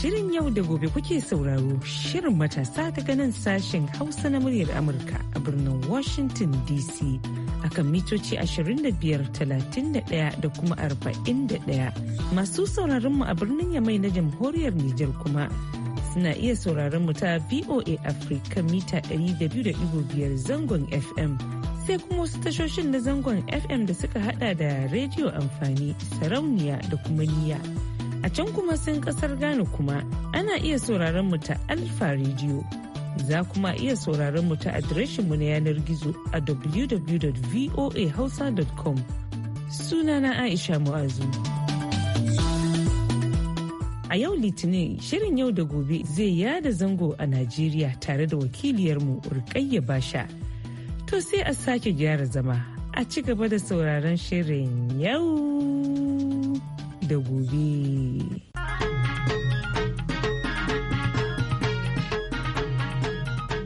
Shirin yau da gobe kuke sauraro Shirin matasa daga nan sashen Hausa na muryar Amurka a birnin Washington DC akan mitoci 25,31 da kuma 41 masu sauraronmu a birnin Yamai na jamhuriyar Nijar kuma suna iya sauraron mu ta VOA Africa mita 200.5 zangon FM. sai kuma wasu tashoshin na zangon FM da suka hada da rediyo amfani sarauniya da kuma niya. A can kuma sun kasar Ghana kuma ana iya sauraron mu ta Alfa Radio. Za kuma iya sauraron mu ta adireshin mu na yanar gizo a www.voahausa.com. Sunana Aisha Mu'azu. A yau Litinin shirin yau da gobe zai yada zango a Najeriya tare da wakiliyarmu Urkayya Basha. To sai a sake gyara zama a ci gaba da sauraron shirin yau da gobe.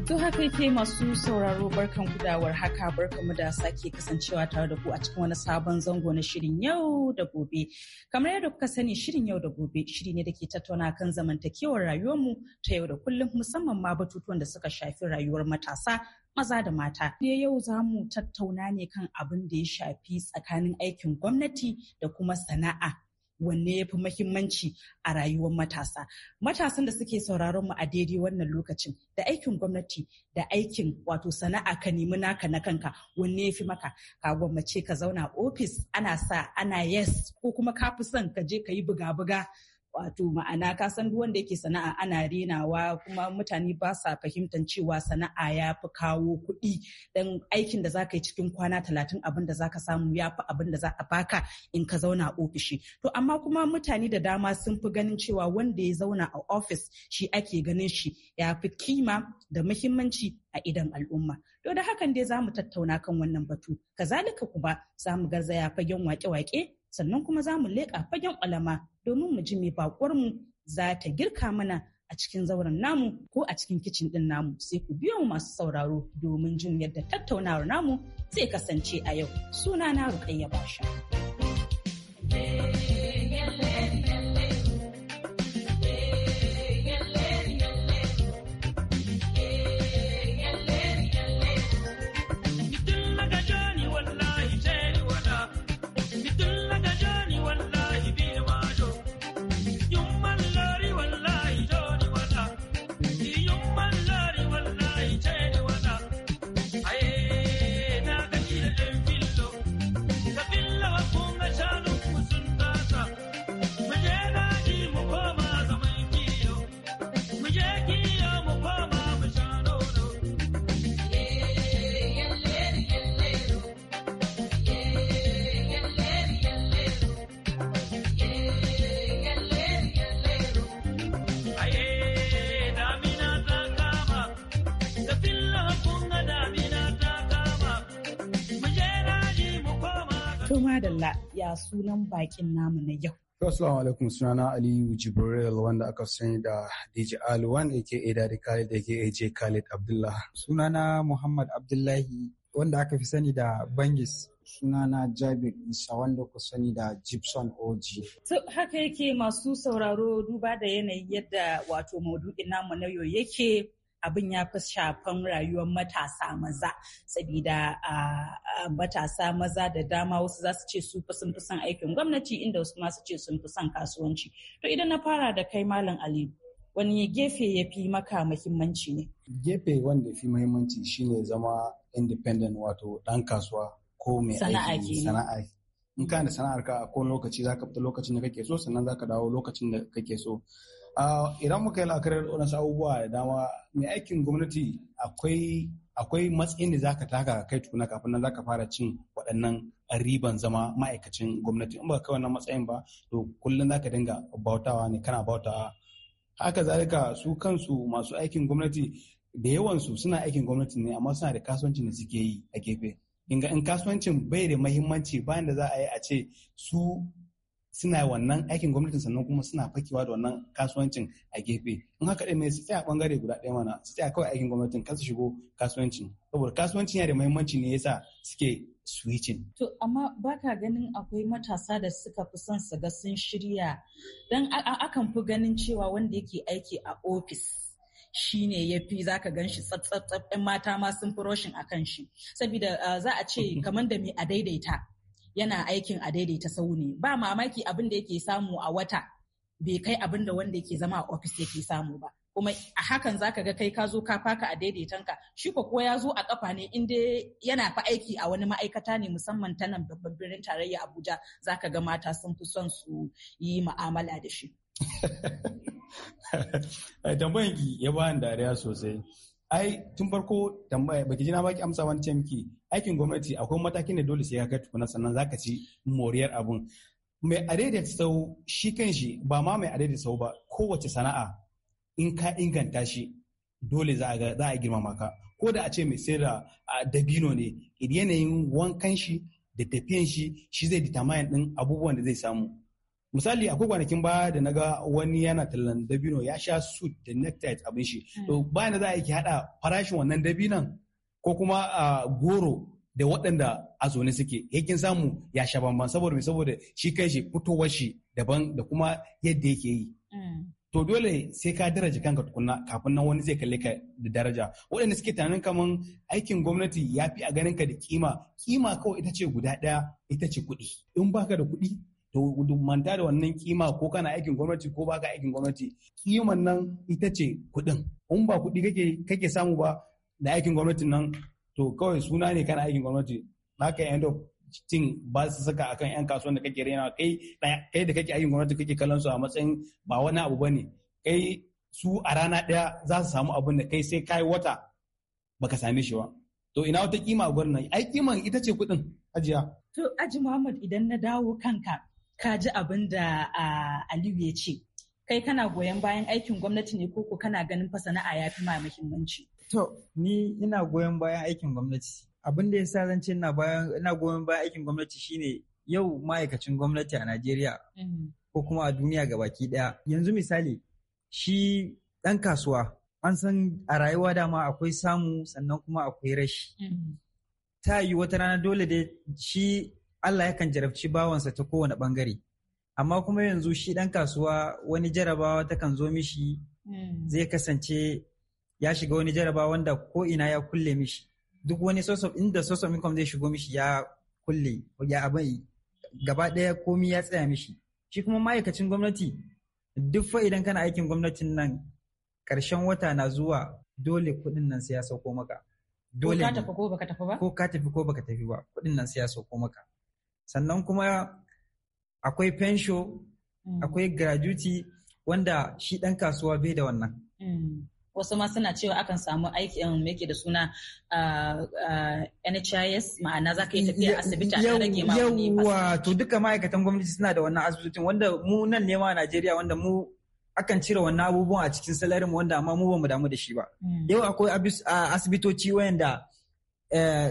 To haka ke masu sauraro barkan gudawar haka barkanmu da sake kasancewa tare da ku a cikin wani sabon zango na shirin yau da gobe. Kamar yadda kuka sani shirin yau da gobe shiri ne da ke tattauna kan zamantakewar rayuwarmu ta yau da kullum musamman ma batutuwan da suka shafi rayuwar matasa maza da mata. Ne yau za mu tattauna ne kan abin da ya shafi tsakanin aikin gwamnati da kuma sana'a wanne ya fi mahimmanci a rayuwar matasa. Matasan da suke sauraron mu a daidai wannan lokacin da aikin gwamnati da aikin wato sana'a ka nemi naka na kanka wanne ya fi maka ka gwammace ka zauna ofis ana sa ana yes ko kuma ka fi son ka je ka yi buga-buga wato ma'ana ka san duk wanda yake sana'a ana renawa kuma mutane ba sa fahimtar cewa sana'a ya fi kawo kuɗi dan aikin da zaka yi cikin kwana talatin abin da zaka samu ya fi abin da za a baka in ka zauna ofishi to amma kuma mutane da dama sun fi ganin cewa wanda ya zauna a ofis shi ake ganin shi ya fi kima da muhimmanci a idan al'umma. To da hakan dai za mu tattauna kan wannan batu. Kazalika kuma za mu garzaya fagen wake-wake sannan kuma za mu leƙa fagen ƙwalama domin mu ji mai mu za ta girka mana a cikin zauren namu ko a cikin kicin ɗin namu sai ku biyo mu masu sauraro domin jin yadda tattaunawar namu zai kasance a yau suna na rukayya basha. madalla ya sunan bakin namu na yau. Assalamu alaikum sunana Aliyu Jibril wanda aka sani da DJ Ali wanda yake Eda da Khalid yake AJ Khalid Abdullah. Sunana Muhammad Abdullahi wanda aka fi sani da Bangis. Sunana Jabir Isa wanda ku sani da Gibson OG. So, haka yake masu sauraro duba da yanayi yadda wato maudu'in namu na yau yake abin ya fi shafan rayuwar matasa maza sabida matasa maza da dama wasu za su ce su fi sun fi son aikin gwamnati inda wasu ma su ce sun fi son kasuwanci to idan na fara da kai malam aliyu wani gefe ya fi maka muhimmanci ne gefe wanda ya fi muhimmanci shine zama independent wato dan kasuwa ko mai aiki sana'a in da sana'ar ka a kowane lokaci zaka fita lokacin da kake so sannan zaka dawo lokacin da kake so idan muka yi la'akari waɗansu abubuwa da dama mai aikin gwamnati akwai akwai matsayin da zaka taka kai tukuna kafin nan zaka fara cin waɗannan riban zama ma'aikacin gwamnati in ba kai wannan matsayin ba to kullum zaka dinga bautawa ne kana bautawa haka zalika su kansu masu aikin gwamnati da yawansu suna aikin gwamnati ne amma suna da kasuwancin da suke yi a gefe in kasuwancin bai da mahimmanci bayan da za a yi a ce su suna wannan aikin gwamnatin sannan kuma suna fakewa da wannan kasuwancin a gefe in haka dai mai su tsaya bangare guda ɗaya mana su tsaya kawai aikin gwamnatin kan su shigo kasuwancin saboda kasuwancin yana da muhimmanci ne yasa suke switching to amma ba ka ganin akwai matasa da suka fi son su ga sun shirya dan akan fi ganin cewa wanda yake aiki a ofis shi ne ya fi za ka gan shi tsatsatsatsen mata ma sun fi roshin a kan shi saboda ah, za a ce kamar da mai a daidaita yana aikin a daidaita sau ne ba mamaki abin da yake samu a wata bai kai abin da wanda yake zama a ofis yake samu ba kuma a hakan zaka ga kai ka zo ka faka a daidaitan ka shi ko ya zo a kafa ne in dai yana fa aiki a wani ma'aikata ne musamman ta nan babban birnin tarayya Abuja zaka ga mata sun fi son su yi mu'amala da shi tambayan ki ya bani dariya sosai ai tun farko tambaya baki ji baki amsa wani tamki aikin gwamnati akwai matakin da dole sai ya ka tukuna sannan za ka ci moriyar abun mai adaida sau shi kan shi ba ma mai adaida sau ba kowace sana'a in ka inganta shi dole za a girmama ka ko da a ce mai sayar da dabino ne yanayin wankan shi da tafiyan shi shi zai determine din abubuwan da zai samu misali akwai kwanakin ba da na ga wani yana tallan dabino ya sha suit da necktie abin shi hmm. to bayan da za a yi ki haɗa farashin wannan dabinon ko kuma a goro da waɗanda a zaune suke yakin samu ya sha bamban saboda saboda shi kai shi fitowar shi daban da kuma yadda yake yi mm. to dole sai ka daraja kanka tukunna kafin nan wani zai kalle ka da daraja waɗanda suke tunanin kaman aikin gwamnati ya fi a ganin ka da kima kima kawai ita ce guda ɗaya ita ce kuɗi in baka da kuɗi to manta da wannan kima ko kana aikin gwamnati ko baka aikin gwamnati kiman nan ita ce kuɗin in ba kuɗi kake kake samu ba da aikin gwamnatin nan to kawai suna ne kana aikin gwamnati Na end yi cin ba su saka akan yan kasuwan da kake rena kai kai da kake aikin gwamnati kake kallon su a matsayin ba wani abu bane kai su a rana daya za su samu abin da kai sai kai wata baka same shi ba to ina wata kima gwamnati ai kiman ita ce kuɗin ajiya to aji Muhammad idan na dawo kanka ka ji abin da ah, Aliyu ya ce kai kana goyon bayan aikin gwamnati ne ko ko kana ganin fa sana'a ya fi ma muhimmanci. To, ni ina goyon bayan aikin gwamnati. Abin da ya sa zan ce ina goyon bayan aikin gwamnati shine yau ma'aikacin gwamnati a Najeriya mm-hmm. ko kuma a duniya ga baki ɗaya. Yanzu misali, shi ɗan kasuwa an san a rayuwa dama akwai samu sannan kuma akwai rashi. Mm-hmm. Ta yi wata rana dole da shi Allah yakan jarabci bawansa ta kowane ɓangare. amma kuma yanzu shi ɗan kasuwa wani jarabawa ta kan zo mishi mm. zai kasance ya shiga wani jarabawa wanda ko ina ya kulle mishi duk wani source of inda source of income zai shigo mishi ya kulle ya abin gaba ɗaya komi ya tsaya mishi shi kuma ma'aikacin gwamnati duk fa idan kana aikin gwamnatin nan ƙarshen wata na zuwa dole kuɗin nan sai ya sauko maka dole ko ka tafi ko baka tafi ba ko ka tafi ko baka tafi ba kuɗin nan sai ya sauko maka sannan kuma akwai pensho, mm. akwai gratuity wanda shi ɗan kasuwa bai da wannan mm. wasu ma suna cewa akan samu aiki aikin um, yake da suna uh, uh, NHIS ma'ana za ka yi tafiya asibiti a rage ma wani Yawwa to duka ma'aikatan gwamnati suna da wannan asibitin wanda mu nan ne ma a Najeriya wanda mu akan cire wannan abubuwan a cikin salarin mu wanda amma mu ba mu damu da shi ba. Mm. Yau akwai asibitoci wayanda eh,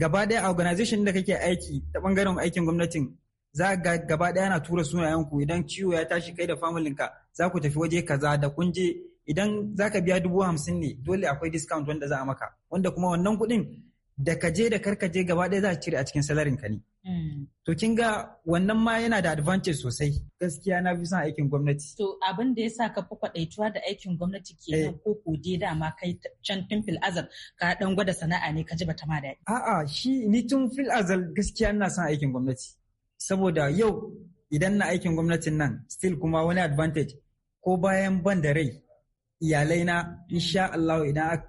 gaba daya organization da kake aiki ta bangaren aikin gwamnatin za ga gaba ɗaya na tura sunayen ku idan ciwo ya tashi kai da familin ka za ku tafi waje kaza da kun je idan za ka biya dubu hamsin ne dole akwai discount wanda za a maka wanda kuma wannan kuɗin da ka je da karka je gaba ɗaya za a cire a cikin salarin ka ne. Hmm. To kin ga wannan ma yana da advantage sosai gaskiya na fi son aikin gwamnati. To abin da ya sa ka fi kwaɗaituwa da aikin gwamnati ke nan eh. ko ko dai dama kai can tun fil azal ka ɗan gwada sana'a ne ka ji ba ta ma daɗi. A'a shi ni tun fil azal gaskiya ina son aikin gwamnati. saboda yau idan na aikin gwamnatin nan still kuma wani advantage ko bayan ban da rai iyalai na insha Allah idan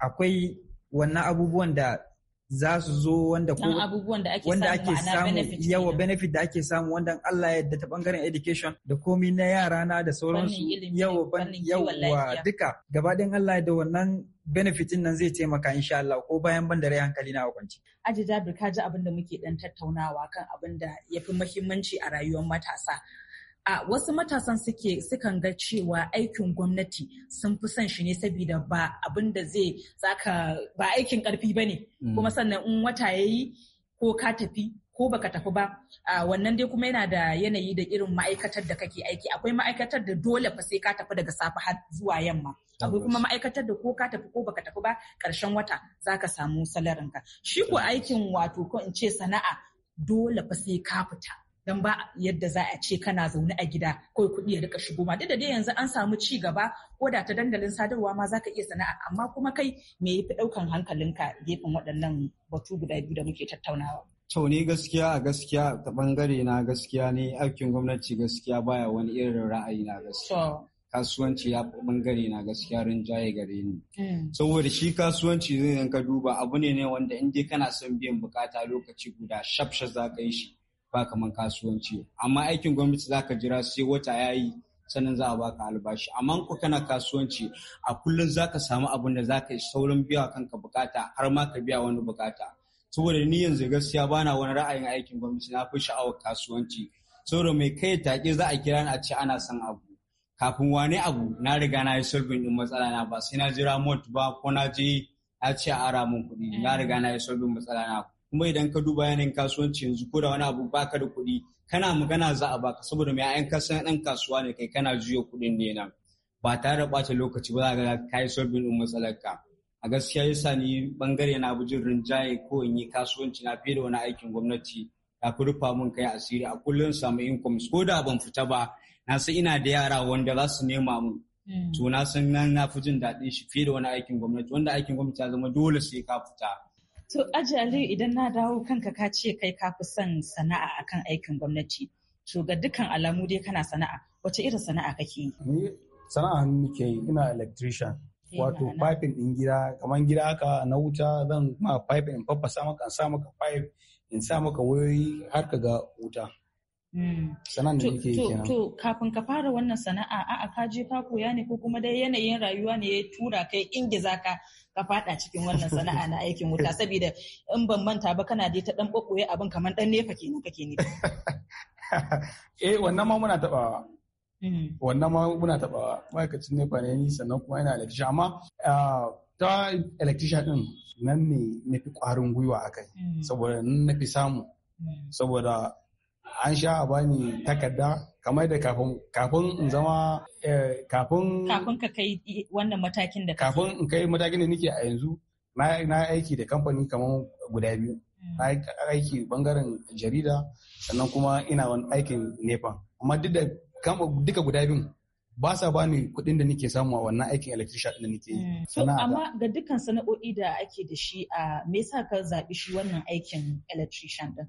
akwai wannan abubuwan da za su zo wanda ake samu yawa benefit da ake samu wanda Allah ya yarda ta bangaren education da komi na yara na da sauransu yawa yawa duka Gaba ɗin Allah da wannan benefitin nan zai taimaka insha Allah ko bayan ban da rai hankali na hukunci. Aji Jabir ka ji abin da muke ɗan tattaunawa kan abin da ya fi muhimmanci a rayuwar matasa a wasu matasan suke sukan ga cewa aikin gwamnati sun fi son shi ne saboda ba abin da zai zaka ba aikin karfi ba ne mm. kuma sannan in wata ya yi ko ka tafi ko baka tafi ba A wannan dai kuma yana da yanayi da irin ma'aikatar da kake aiki akwai ma'aikatar da dole fa sai ka tafi daga safe har zuwa yamma akwai kuma ma'aikatar da ko ka tafi ko baka tafi ba karshen wata zaka samu salarinka shi ko aikin wato ko in ce sana'a dole fa sai ka fita dan ba yadda za a ce kana zaune a gida ko kuɗi ya rika shigo ma duk da dai yanzu an samu ci gaba ko da ta dandalin sadarwa ma zaka iya sana'a amma kuma kai me yafi ɗaukan hankalinka gefen waɗannan batu guda biyu da muke tattaunawa to ni gaskiya a gaskiya ta bangare na gaskiya ne aikin gwamnati gaskiya baya wani irin ra'ayi na gaskiya kasuwanci ya bangare na gaskiya rinjaye gare ni. Mm. Saboda shi kasuwanci zai ka duba abu ne ne wanda in dai kana son biyan bukata lokaci guda shafshaf za ka yi shi. ba kaman kasuwanci amma aikin gwamnati za ka jira sai wata ya yi sannan za a baka albashi amma ko kana kasuwanci a kullum za ka samu abin da za ka yi saurin biya kanka bukata har ma ka biya wani bukata saboda ni yanzu gaskiya bana wani ra'ayin aikin gwamnati na fi sha'awar kasuwanci saboda mai kai take za a kira ni a ce ana son abu kafin wani abu na riga na yi solving din matsala na ba sai na jira mot ba ko na je a ce a ara min kuɗi na riga na yi solving matsala na kuma idan ka duba yanayin kasuwanci yanzu ko da wani abu baka da kuɗi kana magana za a baka saboda mai ayan kasan ɗan kasuwa ne kai kana juya kuɗin ne nan ba tare da ɓata lokaci ba za ka yi solving ɗin matsalar ka a gaskiya yasa ni bangare na bujin rinjaye ko in yi kasuwanci na fiye da wani aikin gwamnati ya fi rufa mun kai asiri a kullum samu income ko da ban fita ba na san ina da yara wanda za su nema mu hmm. to na san nan na fi jin daɗin shi fiye da wani aikin gwamnati wanda aikin gwamnati ya zama dole sai ka fita To ajali idan na dawo kanka ka ce kai ka fi son sana'a akan aikin gwamnati. To ga dukkan alamu dai kana sana'a. Wace irin sana'a kake yi? Ni sana'a hannu nake yi ina electrician. Eh, Wato pipe din gida kamar gida haka na wuta zan ma pipe in fafasa maka in sa maka pipe in sa maka wayoyi har ka ga wuta. Hmm. Sana'ar da nake kenan. To kafin ka fara wannan sana'a a'a ka je ka koya ne ko kuma dai yanayin rayuwa ne ya tura kai ingiza ka ka fada cikin wannan sana'a na aikin wuta saboda in ban manta ba kana dai ta dan kokoye abin kamar dan nefa kenan kake ne. Eh wannan ma muna taba hmm. Wannan ma muna tabawa ma'aikacin nefa ne ni sannan kuma ina da amma ah, ta electrician din nan ne na fi kwarin gwiwa a kai hmm. saboda na fi samu saboda an sha a bani takarda kamar da kafin kafin in zama eh, kafin kafin ka kai wannan matakin da kafin in kai matakin da nake a yanzu na aiki da kamfani kamar guda biyu mm. na aiki bangaren jarida sannan kuma ina wani aikin nepa amma duk da duka guda biyun ba sa bani kuɗin da nake samu a wannan aikin electrician da nake yi. Mm. amma ga dukkan sana'o'i da ake da shi a ah, me yasa ka zaɓi shi wannan aikin electrician din?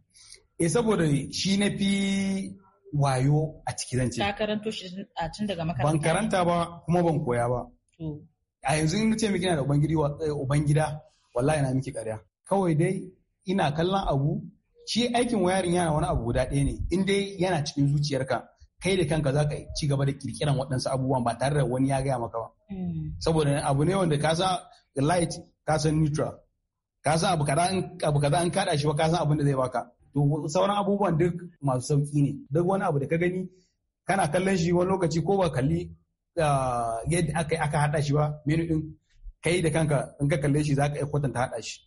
eh saboda shi na fi wayo a ciki zance ta karanto shi a tun daga makaranta ban karanta ba kuma ban koya ba a yanzu in ce miki na da eh, ubangida wallahi na miki ƙarya kawai dai ina kallon abu shi aikin wayarin yana wani abu guda ɗaya ne in dai yana cikin zuciyarka kai da kanka za ka ci gaba da kirkiran waɗansu abubuwan ba tare da wani ya gaya maka ba hmm. saboda abu ne wanda ka san light ka san neutral ka san abu kaza in kaɗa shi ba ka san abin da zai baka sauran abubuwan duk masu sauki ne duk wani abu da ka gani kana kallon shi wani lokaci ko ba kalli ah, yadda aka aka hada shi ba menu din kai da kanka in ka kalle shi ka iya kwatanta hada shi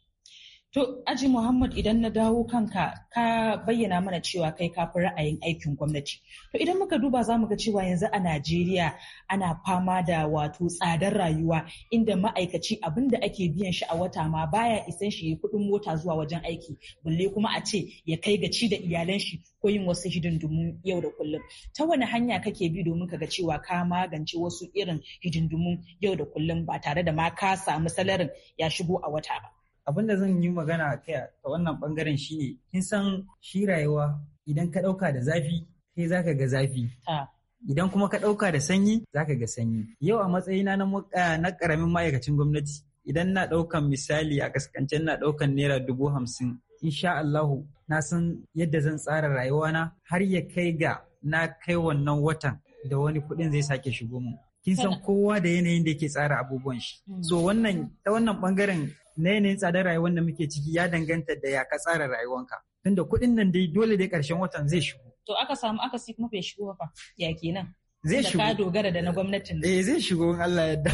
To, Aji Muhammad idan na dawo kanka ka bayyana mana cewa kai kafin ra'ayin aikin gwamnati. To idan muka duba za mu ga cewa yanzu a Najeriya ana fama da wato tsadar rayuwa inda ma'aikaci abin da ake biyan shi a wata ma baya isan shi kuɗin mota zuwa wajen aiki. Bulle kuma a ce ya kai gaci da iyalan shi ko yin wasu hidindimun yau da kullum. Ta wani hanya kake bi domin ka ga cewa ka magance wasu irin hidindimun yau da kullum ba tare da ma ka samu salarin ya shigo a wata ba. abin da zan yi magana a kai a wannan bangaren shine kin san shi rayuwa idan ka ɗauka da zafi kai zaka ga zafi idan kuma ka ɗauka da sanyi zaka ga sanyi yau a matsayina na karamin eh, ma'aikacin gwamnati idan na ɗaukan misali a kaskancen na ɗaukan naira dubu hamsin insha Allahu na san yadda zan tsara rayuwana har ya kai ga na kai wannan watan da wani kuɗin zai sake shigo mu kin san kowa da yanayin da yake tsara abubuwan shi hmm. so wannan ta wannan bangaren na yanayin tsadar rayuwar da muke ciki ya danganta da ya ka tsara rayuwanka tunda kuɗin nan dai dole dai ƙarshen watan zai shigo to aka samu aka si kuma bai shigo ba ya kenan zai shigo ka dogara da na gwamnatin eh zai shigo in Allah yarda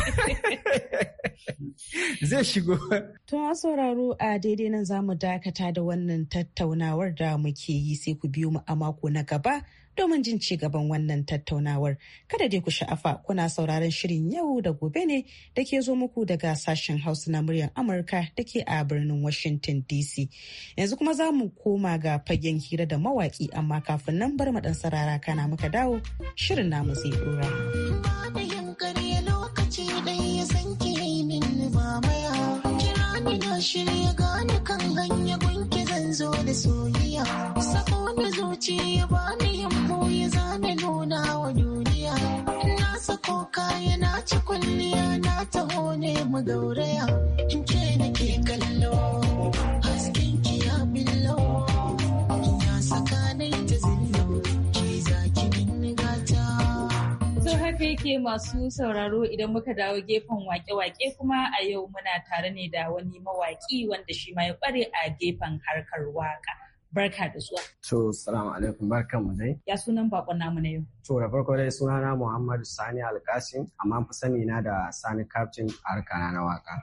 zai shigo to a sauraro a daidai nan zamu dakata da wannan tattaunawar da muke yi sai ku biyo mu a mako na gaba domin jin ci gaban wannan tattaunawar. Kada dai ku sha'afa kuna sauraron shirin yau da gobe ne da ke zo muku daga sashen Hausa na muryar Amurka da ke a birnin Washington DC. Yanzu kuma za mu koma ga fagen hira da mawaki amma kafin nan bar mu ɗan sarara kana muka dawo shirin namu zai dora. Shirya gane kan hanya gunki zan zo da soyayya. Sako da zuciya ba ni yamma. shi za nuna wa duniya na sako kaya na ci kwalliya na taho ne mu gauraya in ke nake kallo hasken ki ya billo ya saka na ta zillo ki za ki gata so haka yake masu sauraro idan muka dawo gefen wake-wake kuma a yau muna tare ne da wani mawaki wanda shi ma ya kware a gefen harkar waka barka da zuwa. To, salamu alaikum, barkan mu dai. Ya sunan bakon namu na yau. To, da farko dai sunana Muhammadu Sani Alkasim, amma fi sani na da Sani Captain a na waka.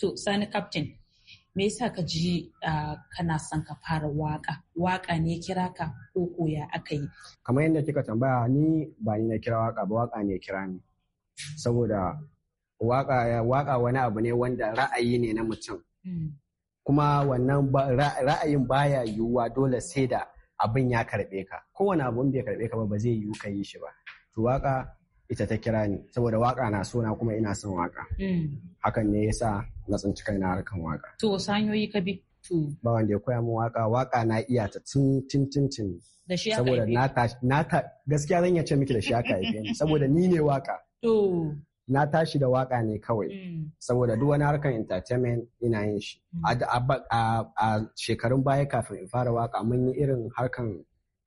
To, Sani Captain, me yasa ka ji kana son ka fara waka? Waka ne kira ka ko koya aka yi? Kamar yadda kika tambaya ni ba ni na kira waka ba waka ne kira ni. Saboda waka wani abu ne wanda ra'ayi ne na mutum. Hmm. kuma wannan ra'ayin baya yiwuwa dole sai da abin ya karbe ka kowane abin bai karbe ka ba ba zai yiwu ka yi shi ba to waka ita ta kira ni saboda waka na so na kuma ina son waka mm. hakan ne yasa na tsinci kaina harkan waka to sanyoyi ka bi ba wanda ya koya min waka waka na iya ta tun tun tun tun saboda na ta gaskiya zan iya ce miki da shi aka yi saboda ni ne waka na tashi da waka ne kawai mm. saboda duk wani harkar entertainment ina yin shi mm. a shekarun baya kafin in fara waka mun yi irin harkan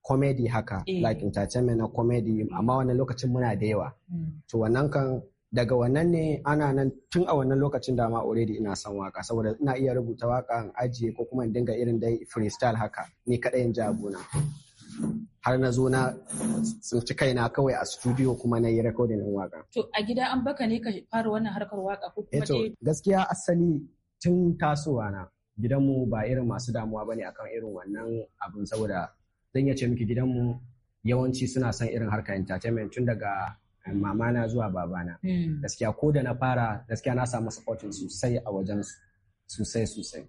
comedy haka eh. like entertainment na comedy mm. amma wannan lokacin muna da yawa to wannan kan daga wannan ne ana nan tun a wannan lokacin dama already ina son waka saboda ina iya rubuta waka ajiye ko kuma in dinga irin dai freestyle haka ni kadai in ji na har na zo na tsinci kaina kawai a studio kuma na yi rekodin waka. To a gida an baka ne ka fara wannan harkar waka ko kuma Eto eh gaskiya asali tun tasowa na gidanmu ba irin masu damuwa ba ne akan irin wannan abin saboda zan yace ce miki gidanmu yawanci suna son irin harka entertainment tun daga eh, mamana zuwa babana. Hmm. Gaskiya ko da na fara gaskiya na samu supporting sosai a wajen sosai sosai.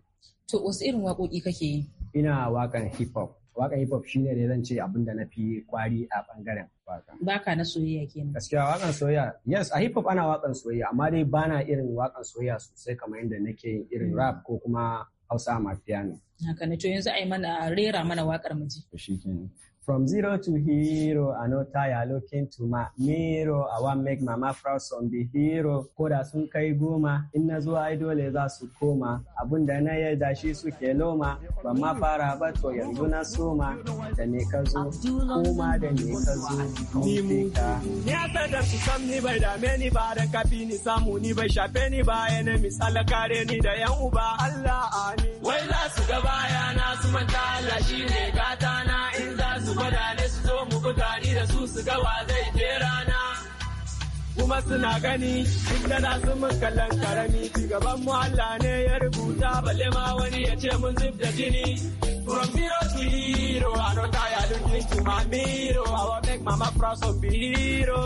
To wasu irin waƙoƙi kake yi? Ina waƙan hip hop. waka hip hop shine ne zan ce abin da na fi kwari a bangaren waka baka na soyayya kenan gaskiya wakan soyayya yes a hip hop ana wakan soyayya amma dai bana irin wakan soyayya sosai kamar yadda nake yin irin mm. rap ko kuma Hausa Amapiano. Haka na to yanzu ai mana rera mana wakar miji. Shi From zero to hero, I no tire looking to my mirror. I want make mama proud son be hero. Ko da sun kai goma, in na zo dole za su koma. Abun da na yarda shi suke loma, ban ma fara ba to yanzu na soma. Da ne ka zo, koma da ne ka zo, Ni da su sam ni bai dame ni ba, dan kafi ni samu ni bai shafe ni ba, yana misala kare ni da yan uba Allah amin. Wai za su ga baya na su manta Allah shi ne gata na su su zo mu buga da su su gawa zai je rana kuma suna gani duk da na sun mun kallon karami gaban mu Allah ne ya rubuta balle ma wani ya ce mun zub da jini from zero to hero I don't tire looking to my mirror I will make mama proud of be hero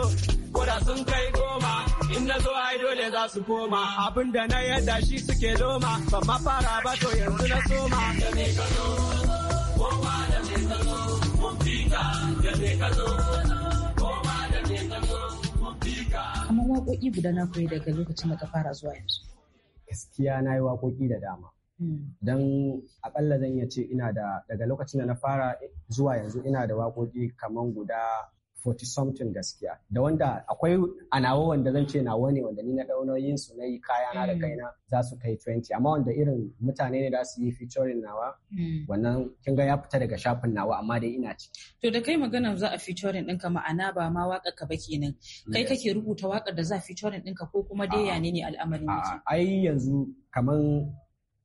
ko da sun kai goma in na zo ai dole za su koma Abinda na yadda shi suke loma ban ma fara ba to yanzu na soma da me ka zo koma da me ka zo Kamar waƙoƙi guda na koyi daga lokacin da ka fara zuwa yanzu. Gaskiya na yi waƙoƙi da dama. Hmm. Don aƙalla zan iya ce ina da daga lokacin da na fara zuwa yanzu ina da waƙoƙi kamar guda 40 something gaskiya da wanda akwai anawa wanda zan ce nawa ne wanda ni na daunoyin su na yi kaya na da mm. kaina za su kai 20 amma wanda irin mutane ne da su yi featuring nawa mm. wannan kin ga ya fita daga shafin nawa amma dai ina ciki to da kai maganar za a featuring dinka ma'ana ba ma waƙar ka ba kenan kai kake rubuta waƙar da za a featuring ɗinka ko kuma dai ya ne al'amarin ai yanzu kaman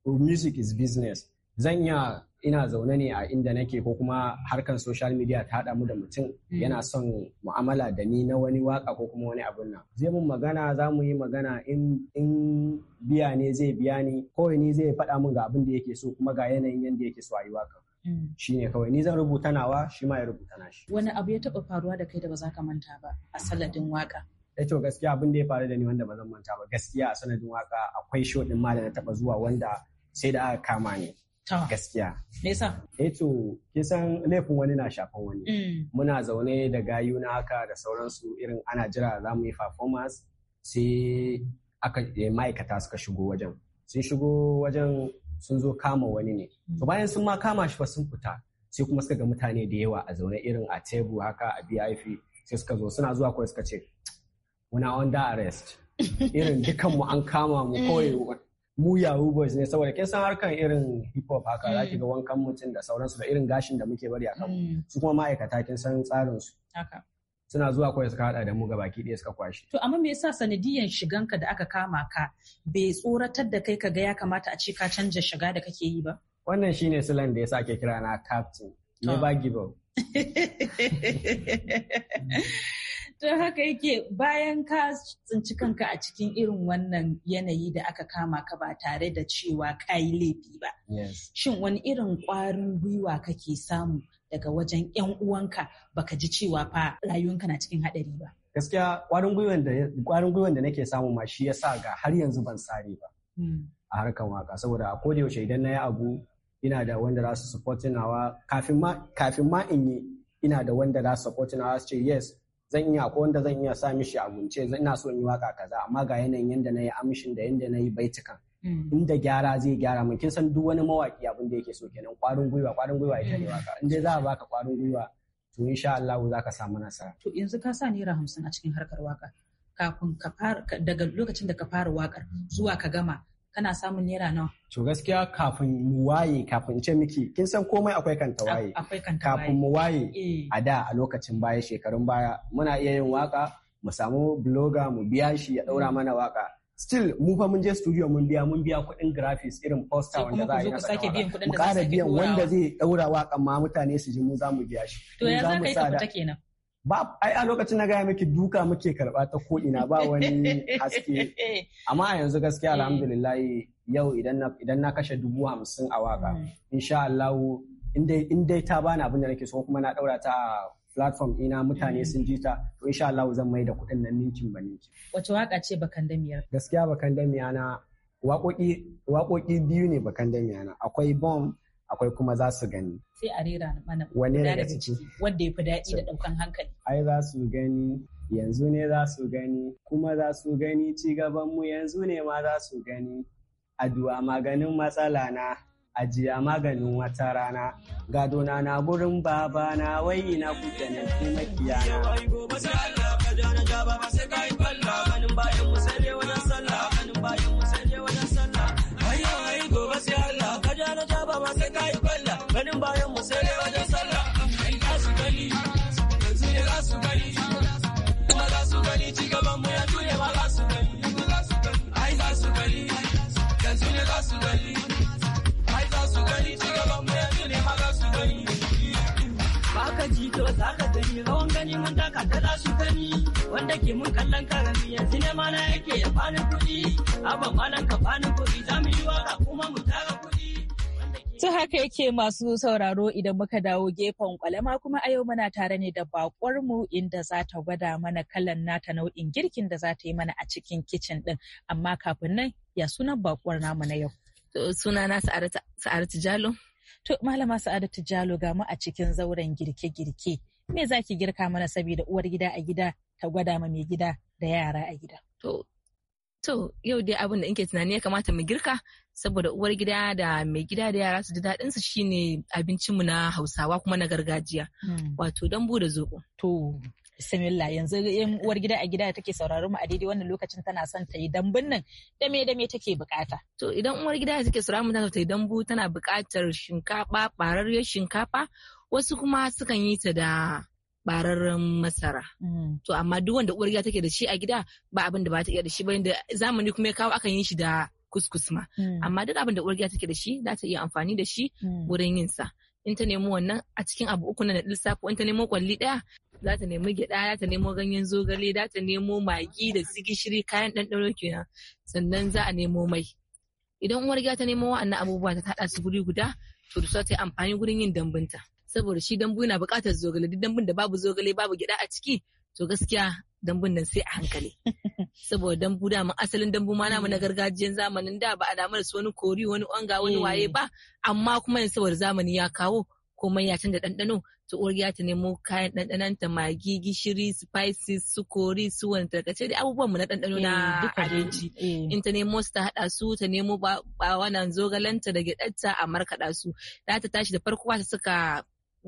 music is business zan iya ina zaune ne a inda nake ko kuma harkan social media ta haɗa mu da mutum mm. yana son mu'amala da ni na wani waka ko kuma wani abun nan zai mun magana za mu yi magana in biya ne zai biya ni kawai ni zai faɗa mun ga abin da yake so kuma ga yanayin yadda yake so a yi waka mm. shi ne kawai ni zan rubuta nawa shi ma ya rubuta na shi wani abu ya taɓa faruwa da kai da ba za ka manta ba a sanadin waka Eh to gaskiya abin da ya faru da ni wanda ba zan manta ba gaskiya a sanadin waka akwai shoɗin ma da na taɓa zuwa wanda sai da aka kama ni Gaskiya. Nesa? Eh to kisan laifin wani na shafan wani. Mm. Muna zaune da gayu na haka da sauransu irin ana jira za mu yi performance sai aka eh, ma'aikata suka shigo wajen. Sun shigo wajen sun zo kama wani ne. Mm. To bayan sun ma kama shi fa sun fita sai kuma suka ga mutane da yawa a zaune irin a tebu haka a BIP sai suka zo suna zuwa kawai suka ce muna under arrest. Irin dukanmu an kama mu kawai mu yahoo boys ne saboda kin san harkan irin hip hop haka mm. za ki ga wankan mutum da sauransu da irin gashin da muke bari a kanmu mm. su kuma ma'aikata kin san tsarin su suna zuwa kawai suka hada da mu ga baki ɗaya suka kwashe. To amma me yasa sanadiyan shiganka da aka kama ka bai tsoratar da kai ka ga ya kamata a ce ka canja shiga da kake yi ba? Wannan shine silan da ya sa ake kira na captain. Never give up. ta haka yake bayan ka tsinci kanka a cikin irin wannan yanayi da aka kama ka ba tare da cewa ka yi laifi ba shin wani irin ƙwarin gwiwa kake samu daga wajen 'yan uwanka baka ji cewa fa rayuwanka na cikin haɗari ba gaskiya ƙwarin gwiwan da nake samu ma shi yasa ga har yanzu ban sare ba hmm. a harkan waka saboda a koda yaushe idan na yi abu ina da wanda za su support kafin ma in yi ina da wanda za su support su ce yes zan iya ko wanda zan iya sa mishi a gunce ina so in yi waka kaza amma ga yanayin yanda na yi amshin da yanda na yi baitukan mm. inda gyara zai gyara mun kin san duk wani mawaki abin da yake so kenan kwarin gwiwa kwarin gwiwa ita ne mm. waka in dai za a baka kwarin gwiwa to insha Allah za ka samu nasara to yanzu ka sa naira hamsin a cikin harkar waka kafin ka fara daga lokacin da ka fara wakar zuwa ka gama kana samun naira nawa. To gaskiya kafin mu waye kafin ce miki kin san komai akwai kan waye. Akwai kan Kafin mu waye eh. a da a lokacin baya shekarun baya muna iya yin waka mu samu bloga mu biya shi ya daura mana waka. Still mu fa mun je studio mun biya mun biya kuɗin graphics irin poster wanda za a yi na sake biyan kuɗin da za biyan wanda zai daura waƙa ma mutane su ji mu za mu biya shi. To ya za ka yi ta fita kenan. ba ai a lokacin na gaya miki duka muke karba ta ko ina ba wani haske amma a yanzu gaskiya mm. alhamdulillah yau idan na kashe dubu hamsin a waka mm. insha Allah in dai ta bani abin da nake so kuma na daura ta platform ina mutane mm. sun ji ta to insha Allah zan mai da kuɗin nan ninkin ba ninkin wace waka ce bakan gaskiya bakan na waƙoƙi biyu ne bakan na akwai bomb akwai kuma za su gani. Sai a rera mana wanne daga ciki wanda ya fi daɗi da ɗaukan hankali. Ai za su gani yanzu ne za su gani kuma za su gani ci gabanmu yanzu ne ma za su gani. Addu'a maganin matsala na ajiya maganin wata rana gadona na gurin baba na wai ina kuke ne kuma kiyana. Yau ai gobe sai Allah ka ja na ja ba sai ka yi kwalla ganin bayan to za ka gani rawan gani mun daka ta za su gani wanda ke mun kallon karami yanzu ne mana yake ya fani kuɗi abin malan ka fani kuɗi za mu yi waka kuma mu tara kuɗi. Ta haka yake masu sauraro idan muka dawo gefen kwalama kuma a yau muna tare ne da bakwar mu inda za ta gwada mana kalan nata nau'in girkin da za ta yi mana a cikin kicin din amma kafin nan ya sunan bakwar namu na yau. suna Sunana Sa'aratu Jalo. To Malama Sa'adatu Jalo ga mu a cikin zauren girke-girke. Me za ki girka mana saboda uwar gida a gida ta gwada ma mai gida da yara a gida? To, to yau dai abin da inke tunani ya kamata mu girka saboda uwar gida da mai gida da yara su ji daɗin su shine abincinmu na Hausawa kuma na gargajiya. Hmm. Wato dambu da zoɓo. To. Bismillah yanzu yan uwar gida a gida da take sauraron mu a daidai wannan lokacin tana son ta yi dambun nan da me da me take bukata. To idan uwar gida da take sauraron mu tana ta yi dambu tana bukatar shinkafa bararriyar shinkafa wasu kuma sukan yi ta da bararren masara. Mm. To amma duk wanda uwar gida take da shi a gida ba abin da ba ta iya da shi ba yanda zamani kuma ya kawo akan yi shi da kuskus ma. Mm. Amma duk abin da uwar gida take da shi za ta iya amfani da shi mm. wurin yin sa. in ta nemo wannan a cikin abu uku na da ko in ta nemo kwalli daya za ta nemi gyaɗa za ta nemo ganyen zogale za ta nemo magi da zigishiri kayan ɗanɗano kenan sannan za a nemo mai idan uwar gida ta nemo wa'annan abubuwa ta haɗa su guri guda to da ta yi amfani gurin yin dambunta saboda shi dambu yana buƙatar zogale duk dambun da babu zogale babu gyaɗa a ciki to gaskiya dambun nan sai a hankali saboda dambu da asalin dambu ma namu na gargajiyan zamanin da ba a damu da su wani kori wani onga wani eh. waye ba amma kuma yanzu saboda zamani ya kawo komai ya canza ɗanɗano ta uwar ta nemo kayan ɗanɗanonta maggi, magi gishiri spices su kori su wani tarkace da abubuwan mu na ɗanɗano na eh, abinci eh. in ta nemo su ta haɗa su ta nemo ba wannan zogalanta da gyaɗarta a markaɗa su za ta tashi da farko ta saka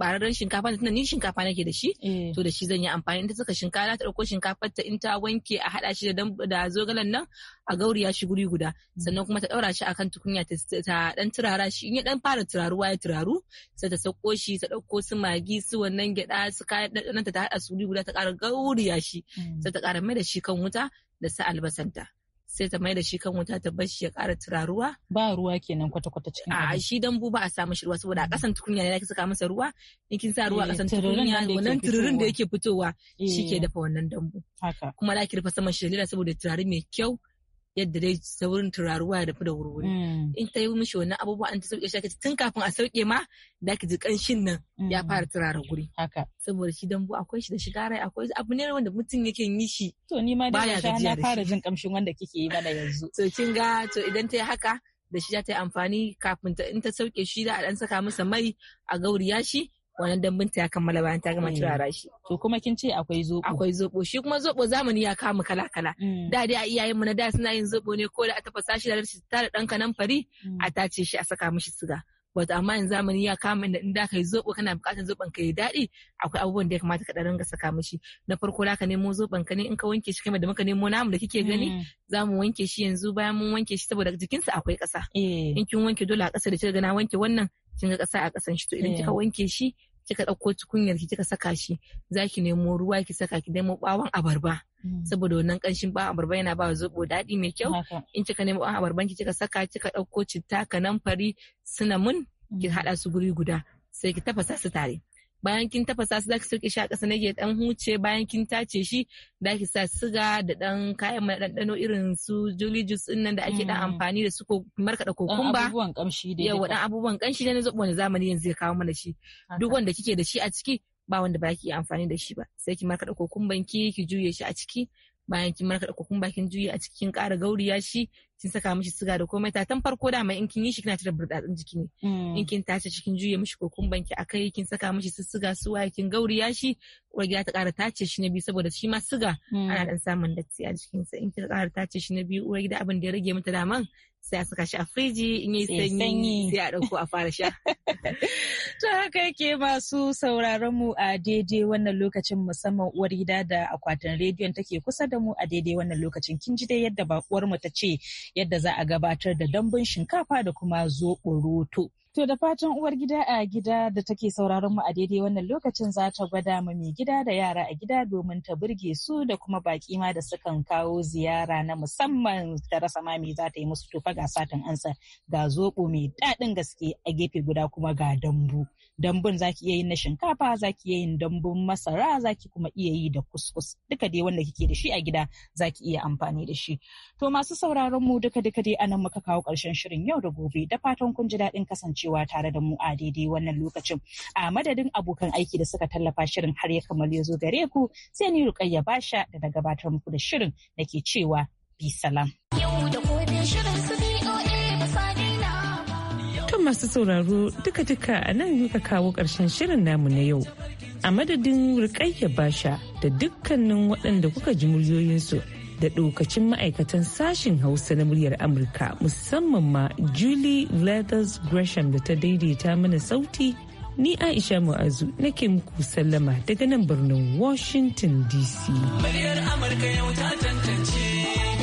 bararren shinkafa da ni shinkafa nake da shi eh. to da shi zan yi amfani in ta saka shinkafa ta dauko shinkafar ta in ta wanke a hada shi da da zogalen nan a gauriya shi guri guda sannan kuma ta daura shi akan tukunya ta dan turara shi in ya dan fara turaruwa ya turaru sai ta sako shi ta dauko su magi su wannan gyada su kayan ta hada su guri guda ta kara gauriya shi mm. sai ta kara mai da shi kan wuta da sa albasanta sai ta mai da shi kan wuta ta bar shi ya ƙara turaruwa. Ba ruwa kenan kwata-kwata cikin A shi dambu ba a samu shi ruwa saboda a ƙasan tukunya ne ake saka masa ruwa in kin sa ruwa a eh, ƙasan tukunya wannan tururin da yake fitowa shi ke eh. dafa wannan dambu. Kuma za ki rufe saman shi saboda turari mai kyau yadda dai saurin turaruwa da da wurwuri mm. in ta yi mishi wannan abubuwa an ta sauke shi tun kafin a sauke ma da ki ji kanshin nan ya mm. fara turara guri Haka. saboda shi dambu akwai shi da shiga rai akwai abu ne wanda mutum yake yi shi to ni ma da na fara jin kamshin wanda kike yi mana yanzu to kin ga to idan ta yi haka da shi ta yi amfani kafin in ta sauke shi da a dan saka masa mai a gauriya shi wannan dambin ta ya kammala bayan ta gama turara mm. shi to kuma kin ce akwai zobo akwai zobo shi kuma zobo zamani ya kama kala kala mm. da dai a iyayen mu na da suna yin zobo ne ko da a tafasa shi da shi tare dan kanan fari mm. a tace shi a saka mishi suga. wato amma yanzu zamani ya kama inda in da kai zobo kana bukatar zoban ka yi daɗi akwai abubuwan da ya kamata ka dan ringa saka mishi na farko da ka nemo zoban ka ne in ka wanke shi kamar da muka nemo namu da kike gani za mu wanke shi yanzu bayan mun wanke shi saboda jikinsa akwai ƙasa eh. in kin wanke dole a ƙasa da kika gana wanke wannan kin ga kasa a kasan shi to idan kika eh. wanke shi kika ɗauko tukunyar ki kika saka shi zaki nemo ruwa ki saka ki nemo bawon abarba hmm. saboda wannan kanshin bawon abarba yana ba zobo daɗi mai kyau in kika nemo bawon abarban ki kika saka kika ɗauko citta kanamfari cinnamon ki hmm. haɗa su guri guda sai ki tafasa su tare bayan kin tafasa su zaki sirke shi a ƙasa nage dan huce bayan kin tace shi zaki sa siga da dan kayan mai ɗanɗano irin su jolly juice nan da ake dan mm. amfani da su ko markaɗa kokumba abubuwan kamshi dai yawa dan abubuwan kamshi ne na wani zamani yanzu ya kawo mana shi duk wanda kike da shi a ciki ba wanda ba ki amfani da shi ba sai ki markaɗa kokumban ki ki juye shi a ciki bayan kin markaɗa kokumba kin juyi a cikin ƙara gauriya shi kin saka mishi siga da komai ta tan farko dama in kin yi shi kina cire burdatsin jiki ne mm. in kin tace cikin juya juye mishi kokumban ki akai kin saka mishi su siga su waye kin gauriya shi uwar gida ta ƙara tace shi na biyu saboda shi ma siga mm. ana dan samun datti a jikinsa in kin ƙara tace shi na biyu uwar gida abin da ya rage mata daman sai a saka shi a firiji in yi sanyi sai a ɗauko a fara sha. Ta haka yake masu sauraron mu a daidai wannan lokacin musamman uwar gida da akwatin rediyon take kusa da mu a daidai wannan lokacin kin ji dai yadda bakuwar mu ta ce yadda za a gabatar da dambun shinkafa da kuma zoɓo roto. To da fatan uwar gida a gida da take sauraron mu a daidai wannan lokacin za ta gwada mu mai gida da yara a gida domin ta burge su da kuma baki ma da sukan kawo ziyara na musamman ta rasa ma me za ta yi musu tufa ga satan ansa ga zoɓo mai daɗin gaske a gefe guda kuma ga dambu. Dambun za ki iya yin na shinkafa za ki iya yin dambun masara za ki kuma iya yi da kuskus duka dai wanda kike da shi a gida za ki iya amfani da shi. To masu sauraron mu duka duka dai anan muka kawo ƙarshen shirin yau da gobe da fatan kun ji daɗin kasance kasancewa tare da mu a daidai wannan lokacin. A madadin abokan aiki da suka tallafa shirin har ya kamar ya zo gare ku sai ni Rukayya Basha da na gabatar muku da shirin da ke cewa bi salam. Tun masu sauraro duka-duka a nan muka kawo ƙarshen shirin namu na yau. A madadin rikayya Basha da dukkanin waɗanda kuka ji muryoyinsu da ɗokacin ma'aikatan sashen hausa na muryar amurka musamman ma julie leathers gresham da ta daidaita mana sauti ni aisha mu'azu ke muku sallama daga nan birnin washington dc muryar amurka yau ta tantance